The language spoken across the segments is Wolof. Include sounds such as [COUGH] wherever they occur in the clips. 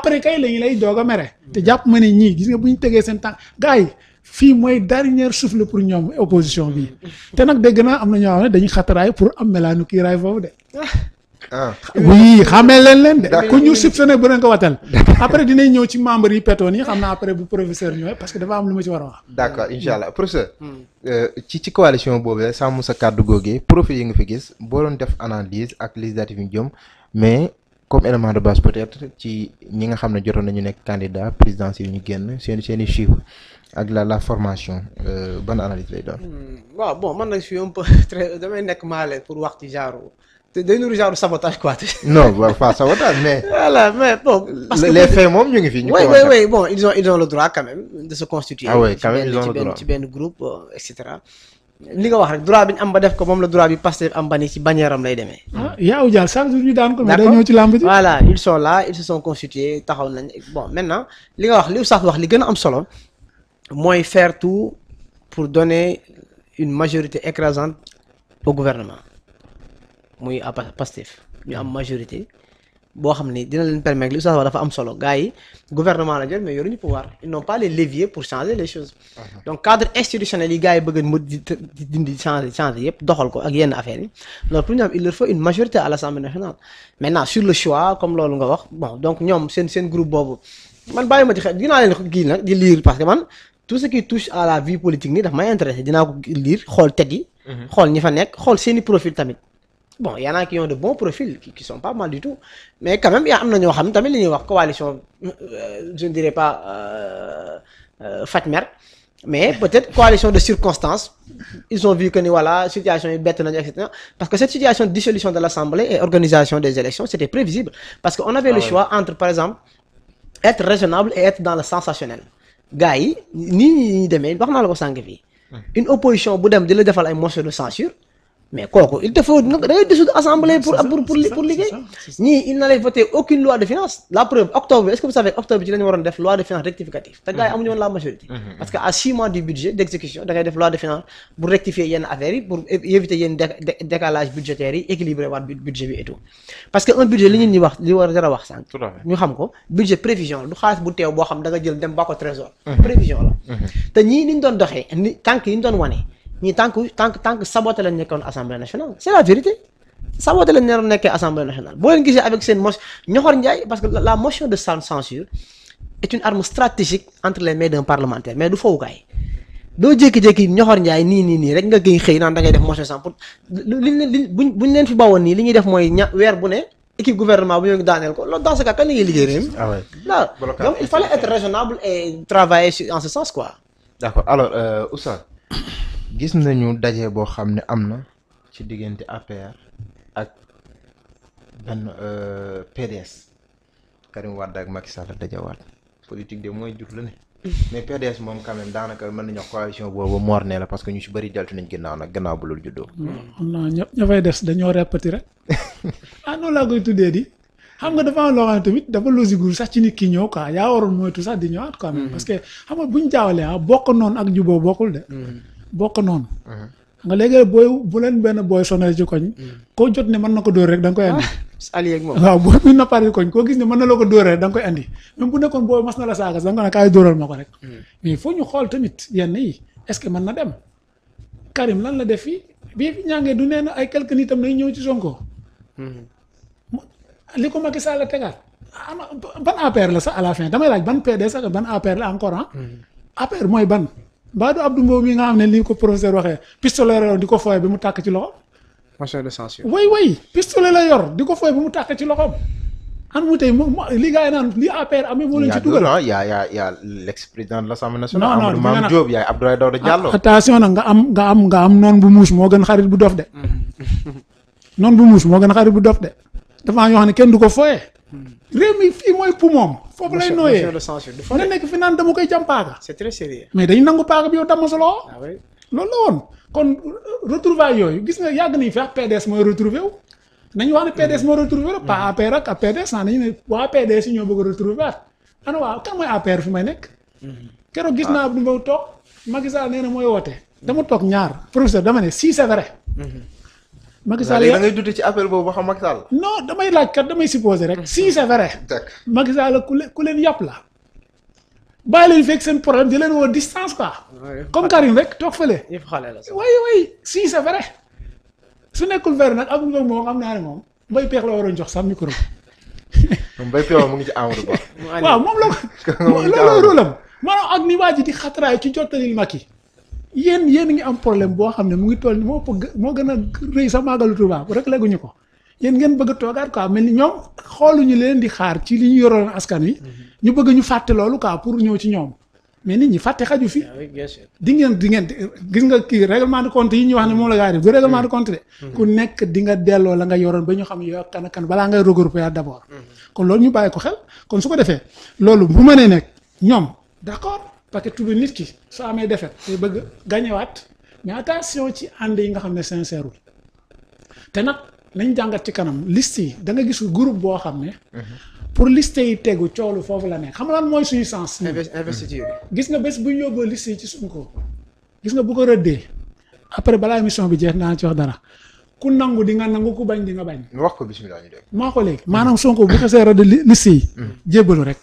après kay lañu lay doog a mere. jàpp ma ne ñii gis nga bu ñu tegee seen tànk gars fii mooy dernier souffle pour ñoom opposition bi te nag dégg naa am na ñoo dañuy xataraay pour am melaanu kiiraay foofu de. ah oui leen leen de. ku ñu soupçonné bu leen ko watal. après dinañ ñëw ci membre yi petoon yi xam naa après bu professeur ñëwee parce que dafa am lu ma ci war a wax. d' accord mm. allah mm. professeur. Euh, ci ci coalition boobu sàmm sa kàddu googee profil yi nga fi gis boo doon def analyse ak législative yi jëm mais comme élément de base peut-être ci ñi nga xam ne jotoon nañu nekk candidat présidentiel yi ñu génn seen seen i ak la la formation euh, ban analyse lay doon. Hmm, waaw bon man nag je suis un peu [LAUGHS] très nekk maale pour wax ci genre te day nuru genre sabotage quoi. non pas sabotage mais. [LAUGHS] voilà mais bon. parce que les moom ñu ngi fi. ñu commencé oui oui oui bon ils ont le droit quand de se constituer. Ah ci benn ci benn groupe euh, li nga wax rek droit bi ñu am ba def ko moom la droit bi Pastef am ba ni ci bannière am lay demee. ah yaa ngi jàll chaque jour ñu daan ko. mais ñëw ci làmb ji voilà ils sont là ils se sont taxaw nañ bon maintenant li nga wax li Oustaz wax li gën am solo mooy faire tout pour donner une majorité écrasante au gouvernement muy à Pastef ñu am majorité. boo xam ni dina leen permettre li sax dafa am solo gars yi gouvernement la jël mais yoruñu pouvoir ils n'ont pas les leviers pour changer les choses uh-huh. donc cadre institutionnel yi gars dindi changer changer yëpp doxal ko ak yenn affaires yi loolu pour ñu am il leur faut une majorité sur le choix comme loolu nga wax donc ñoom seen seen boobu man bàyyi ma ci xel dinaa leen kii nag di lire parce que man tout ce la vie politique nii daf may bon y en a qui ont de bons profils qui, sont pas mal du tout mais quand même yaa am na ñoo xam tamit li ñuy wax coalition euh, je ne dirais pas euh, euh, fatmer mais peut-être coalition de circonstances ils ont vu que ni voilà situation yi bett nañu et parce que cette situation de dissolution de l'Assemblée et organisation des élections c'était prévisible parce que on avait ah le ouais. choix entre par exemple être raisonnable et être dans le sensationnel gars yi nii ñi demee wax naa la ko sànq fii hmm. une opposition bu dem di la defal ay motion de censure mais kooku il te faut da ngay dissoudre assemblée pour pour pour liggéey ñii il n'allait voter aucune loi de finance la preuve octobre est-ce que vous savez octobre bi ci la def loi de finance rectificative te gars mhm. amuñu woon la majorité mhm, mhm. parce que à six mois du budget d'exécution da ngay def loi de finance pour rectifier yenn affaires pour éviter yenn décalage budgétaire équilibrer waat budget bi et parce que un budget li ñi wax war a wax sànq ñu xam ko budget ñii tant que tant que tant que saboté lañ nekkoon assemblée nationale c' est la vérité saboté lañ neeroon nekkee assemblée nationale boo leen avec seen motion ñoxor njaay parce que la motion de censure est une arme stratégique entre les mains d'un parlementaire mais du fowukaay doo jékki-jékki ñoxor njaay nii ni nii rek nga gëy xëy naan da ngay def motion sans pour liñ leen fi bawoon nii li ñuy def mooy ña weer bu ne équipe gouvernement bu ñëw daaneel ko loolu dans ce cas kan la ñuy liggéey réew ah il gis nañu daje boo xam ne am na ci diggante APR ak benn euh, PDS Karim Wade ak Macky Sall dajawaat politique de mooy jur la ne. [LAUGHS] mais PDS moom quand daanaka mën nañu wax coalition boobu moor la parce que ñu si bëri deltu nañ gannaaw nag gannaaw bu loolu juddoo. Mm. non des dañoo répété rek [LAUGHS] ah noonu laa koy xam nga dafa am ne tamit dafa losigul sax ci nit ki ñëw quoi yaa waroon moytu sax di ñëwaat quoi. Mm. parce que xam nga bu ñu jaawalee ah, bokk noonu ak juboo bokkul de. Mm. bokk noonu. Uh-huh. nga léegi booy bu leen benn booy sonal ci koñ. Mm. koo jot ne mën na ko dóor rek da nga koy andi. Ah, allié ak moom waaw booy bi nappaat koñ koo gis ne mën na la ko dóor rek da nga koy andi même bu nekkoon booy mas na la saaga da nga ko ne dóoral ma ko rek. Mm. mais faut ñu xool tamit yenn yi est ce que mën na dem Karim lan la def fii bii fi ñaangee du nee na ay quelques nit tam nañ ñëw ci Sonko. Mm-hmm. li ko Macky Sall tegaat ban APR la sax à la fin damay laaj ban PDS ak ban APR la encore ah. Mm-hmm. mooy ban. Baadu Abdou Mbow mi nga xam ne lii ko professeur waxee pistolet la yor di ko fooye bi mu tàkk ci loxo. ko fooye bi mu tàkk ci loxoom. an mu tey moom li gars yi naan li APR amee moo leen ci dugal a a y' a l'ex-président de l'Assemblée nationale. non non Maam ah, noon bu muus moo gën xarit bu dof de. Mm-hmm. [LAUGHS] noon bu muus moo gën xarit bu dof de. dafa am yoo xam ne kenn du ko fooye. réew mi fii mooy poumon foofu lay nooyee nga nekk fi naan dama koy jam paaka. c'est très sérieux. mais dañ nangu paaka bi yow damm sa loxo. Ah loolu la woon kon retrouvailles yooyu gis nga yàgg nañu fi ak PDS mooy retrouvé wu. nañu wax ne PDS moo retrouvé la. pas APR ak PDS ah nañu ne waa PDS yi ñoo bëgg a retrouvé waat. ana waaw kan mooy APR fi may nekk. Mm-hmm. keroog gis naa bu ah. ma toog Macky Sall nee na mooy woote. dama toog ñaar professeur dama ne si c'est Macky Sall da ngay ci appel boobu ba xam Macky Sall damay laaj kat damay supposé rek si c'est vrai [LAUGHS] Macky Sall ku leen ku leen yàpp la bàyyi leen fekk seen problème di leen woo distance quoi comme Karim rek toog fële waaye waaye si c'est vrai su nekkul verre nag amul moom moo naa ne moom mbay peex la waroon jox sax micro [LAUGHS] Ba waaw moom la ko loolu rôlam maanaam ak ni waa ji di xatraay ci jottalil Macky yéen yéen ngi am problème boo xam ne mu ngi toll ni moo moo gën a rëy sax màggalu Tuubaa rek léguñu ko yéen ngeen bëgg a toogaat mel ni ñoom xooluñu leen di xaar ci li ñu yoroon askan wi. Mm-hmm. ñu bëgg ñu fàtte loolu quoi pour ñëw ci ñoom. mais nit ñi fàtte xaju fi ah di ngeen di ngeen gis nga kii règlement de compte yi ñuy wax ne moom la gaa def du règlement de mm-hmm. compte de mm-hmm. ku nekk di delloo la nga yoroon ba ñu xam yow a kan balaa ngay regrouper d'abord kon loolu ñu bàyyi ko xel kon su ko defee loolu bu mënee nekk ñoom parce que tudd nit ki su amee defet te bëgg gañewaat mais attention ci ànd yi nga xam ne sincère wul te nag nañ jàngat ci kanam liste yi da nga gis groupe boo xam ne. pour liste yi tegu coolu foofu la nekk xam nga lan mooy suñu sens. investiture gis nga bés bu ñu yóbboo liste yi ci suñ gis nga bu ko rëddee après balaa émission bi jeex naa ci wax dara. ku nangu di nga nangu ku bañ di nga bañ. wax ko bisimilah ñu dem. léegi maanaam Sonko bu xasee rëdd liste yi. Mm-hmm. jébbalu rek.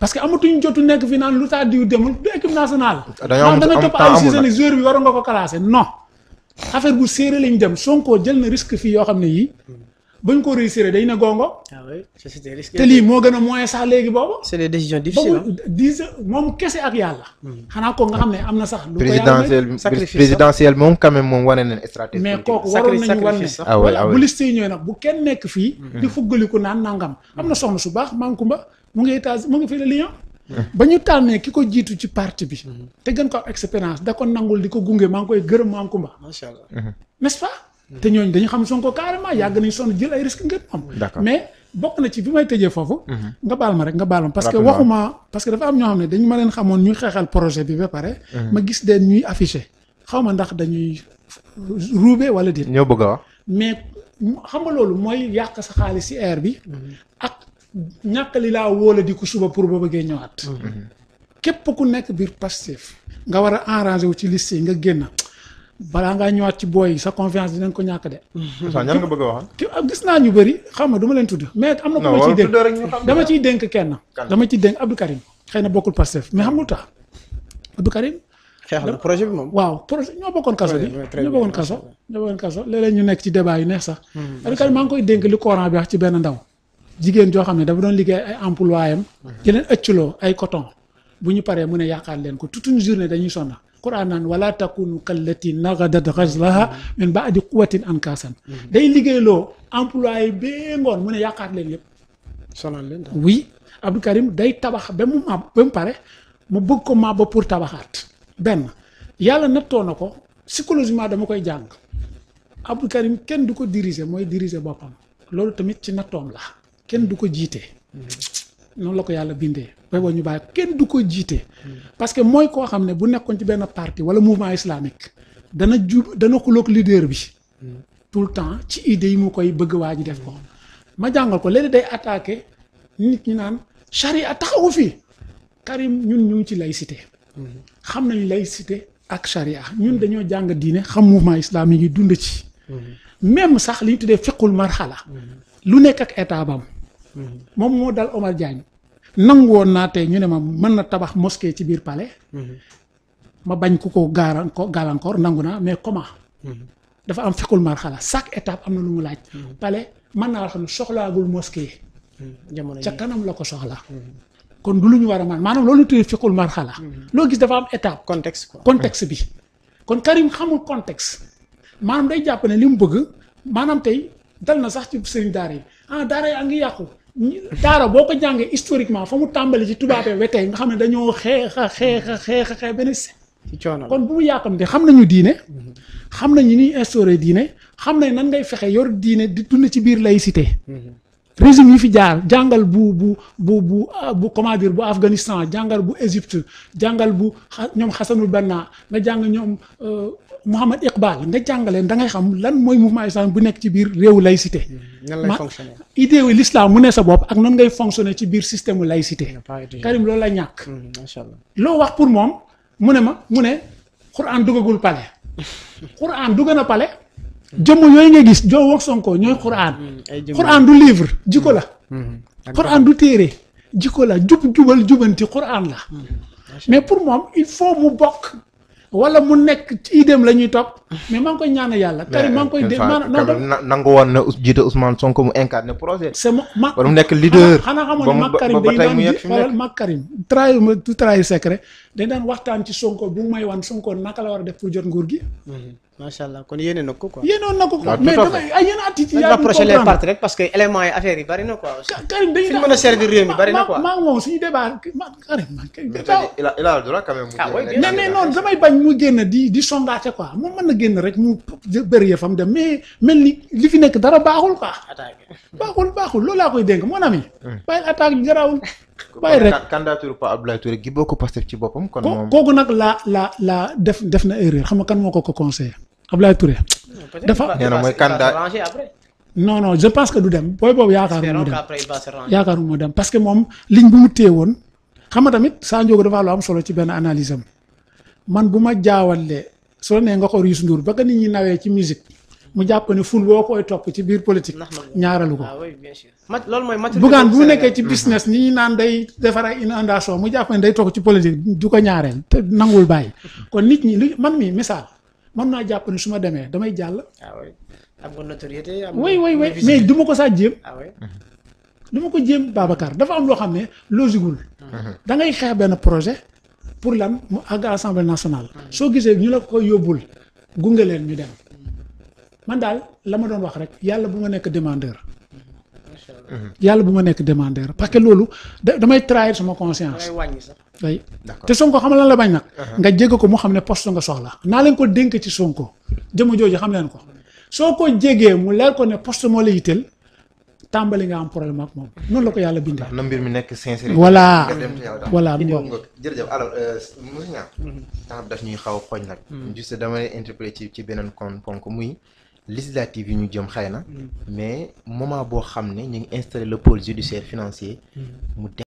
parce que amatuñ jotu nekk fii naan lu tax diw demul du équipe nationale. dañoo da nga topp ay saison bi waroon nga ko classé non affaire bu séeré lañ dem Sonko jël na risque fii yoo xam ne yii ba ñu ko réussir day ne gongo. ah oui te lii moo gën a moyen sax léegi boobu. c'est des décisions difficiles moom kese ak yàlla. Hmm. xanaa ko nga xam ne am na sax. lu ko yàlla présidentiel moom quand même moom wane nañ stratégie. mais kooku waroon nañu wan ah ah bu liste yi ñëwee nag bu kenn nekk fii. Hmm. di fuggaliku naan nangam. am na soxna su baax Mankumba mu ngi états mu ngi fii la Lyon. Hmm. ba ñu tànnee ki ko jiitu ci parti bi. te gën ko am expérience da ko nangul di ko gunge maa ngi koy gërëm Mankumba. macha allah n'est-ce te ñooñu dañu xam Sonko carrément yàgg nañu sonn jël ay risques ngir mais bokk na ci bi may tëjee foofu. Mhm. nga baal ma rek nga baal ma parce que waxuma parce que dafa am ñoo xam ne dañu ma leen xamoon ñuy xeexal projet bi ba pare. Mhm. ma gis leen ñuy affiché xaw ma ndax dañuy ruube wala déet. ñoo bëgg a wax. mais xam nga loolu mooy yàq sa xaalis ci air bi. Mhm. ak ñàkk li laa wóola di ko suba pour ba bëggee ñëwaat. képp ku nekk biir Pastef nga war a arrangé wu ci liste yi nga génn. balaa ngaa ñëwaat ci booy sa confiance dinañ ko ñàkk de. sax ñan a wax. Ah, gis naa ñu bëri xam nga du leen tudd. mais am na ku ma ciy dénk kenn. dama ciy dénk Abdou Karim. xëy na bokkul Pastef mais xam nga lu tax Abdou Karim. xeex la projet bi waaw projet ñoo bokkoon kaso kaso ñoo bokkoon kaso ñu nekk ci débat yu neex sax. Hmm, maa ngi koy dénk li Coran bi wax ci benn ndaw. jigéen joo xam ne dafa doon liggéey ay employé am. ay coton bu ñu paree mu ne yàqaat leen ko toute une journée dañuy sonn quran naan wala takunu kallati nagadat ghazlaha min ba'di quwwatin ankaasan day liggéeyloo employé bee ngoon mu ne yàqaat leen yëpp sonal leen Karim day tabax ba mu maab ba mu pare mu bëgg ko maab ba pour tabaxaat benn yàlla nattoo na ko psychologiquement dama koy jàng Abdou Karim kenn du ko diriger mooy diriger boppam loolu tamit ci nattoom la kenn du ko jiite mhm. noonu la ko yàlla bindee bay boo ñu bàyyi kenn du ko jiite. parce que mooy koo xam ne bu nekkoon ci benn parti wala mouvement islamique dana ju dana xuloog leader bi. tout le temps ci idée yi mu koy bëgg waa ji def ko. ma jàngal ko léeg day attaqué nit ñi naan charia taxawu fi Karim ñun ñu ngi ci laïcité. xam nañu laïcité ak charia ñun dañoo jàng diine xam mouvement islamique yi dund ci. même sax li ñu tuddee fiqul marxala lu nekk ak état bam moom moo dal Omar Diagne nangu woon naa tey ñu ne ma mën na tabax moske ci biir palais. Mhm. ma bañ ku ko gaaranko gàllankoor nangu naa mais comment. Mhm. dafa am fekkul mar xala chaque étape am na lu mu laaj. Mhm. palais mën naa wax ne soxlaagul mosquée. jamono ca kanam la ko soxla. kon du lu ñu war a man maanaam loolu tuddee fekkul mar xala. loo gis dafa am étape. contexte quoi contexte bi. kon Karim xamul contexte. maanaam day jàpp ne li mu bëgg. maanaam tey dal na sax ci sëriñ daara yi ah daara yi a ngi yàqu. daara boo ko jàngee historiquement fa mu tàmbali ci tubaabee wetee nga xam ne dañoo xeexa xeexa xeexa xeex benn ci coono kon bu mu yàkkamte xam nañu diine xam nañu ni instauré diine xam nañ nan ngay fexe yor diine di dund ci biir laïcité mm-hmm. régime yi fi jaar jàngal bu bu bu bu ah, bu comment dire bu Afghanistan jàngal bu Égypte jàngal bu ñoom Hassanul Banna nga jàng ñoom euh, Mouhamad Iqbal nga jàngaleen da ngay xam lan mooy mouvement islam bu nekk ci biir réewu laïcité. Hmm, nan lay fonctionner idée wu l'islam mu ne sa bopp ak nan ngay fonctionner ci biir système mu laïcité. Hmm, Karim loolu la ñàkk. Hmm, macha allah loo wax pour moom mu ne ma mu ne. Quran dugagul pale. [LAUGHS] Quran dugg na pale. jëmm yooyu nga gis joo wax Sonko ñooy xuraan. Mm, xuraan du livre jikko la. xuraan mm, mm, du téere jikko la jub jubal jubanti xuraan la. mais pour moom il faut mu bokk. wala mu nekk ci idéem la ñuy topp mais maa ngi koy ñaan yàlla Karim maa ngi koy dé maanaam nangu woon na jiite Ousmane Sonko mu incarné projet c'est ma wala nekk leader xanaa xamoon ne mag Karim day daan wala mag Karim trahir ma du trahir secret dañ daan waxtaan ci Sonko bu may wan Sonko naka la war a def pour jot nguur gi mm-hmm. macha allah na ko quoi. yéenoon na ko quoi mais damay ay yenn attitude. yaa ngi rapproché les parties rek parce que éléments yi affaire yi a servir réew mi bari na quoi. maa moom suñu débat man Karim a a le droit ko kooku nag la la la def na erreur xam moo ko ko conseillé Ablaye Touré. dafa nee na mooy candidat non non je pense que du dem booy boobu yaakaaruma dem yaakaaruma dem parce que moom ligne bu mu woon xam Sa Ndiogou dafa lu am solo ci benn analyse am man bu ma jaawalee soo nee nga ko Youssou Ndour ba nga nit ñi nawee ci musique mu jàpp ko ne ful boo koy ci biir politique. ñaaralu ko ah loolu mooy bugaan bu mu nekkee ci business ni ñi naan day defar ay inondation mu jàpp ne day toog ci politique du ko ñaareel te nanguwul bàyyi kon nit ñi man mi misaal. mën naa jàpp su ma demee damay jàll. Ah am nga notoriété am oui oui mais du ma ko saa jéem. Ah du ma ko jéem Babacar dafa am loo xam ne logiqueul. Mm-hmm. da ngay xeex benn projet pour lan mu àgg assemblée nationale. Mm-hmm. soo gisee ñu la ko yóbbul gunge leen ñu dem. Mm-hmm. man daal la ma doon wax rek yàlla bu ma nekk demandeur. Mm-hmm. yàlla bu ma nekk demandeur parce que loolu da damay trahir sama conscience. day te Sonko xam lan la bañ nag. Uh-huh. nga jégg ko mu xam ne poste nga soxla. naa leen ko dénk ci Sonko jëmm jooju xam leen ko soo ko jégee mu leer ko ne poste moo la yitteel tàmbali nga am problème ak moom noonu la ko yàlla bindee. na mbir mi nekk sincère. voilà voilà jërëjëf alors euh, Moussa Niang. Mm-hmm. temps daf ñuy xaw a xooj nag. Mm-hmm. juste dama lay interpellé ci ci beneen kon ko muy. législative yi ñu jëm xëy na mm. mais moment boo xam ne ñu ngi installé le pole judiciaire financier mm. mu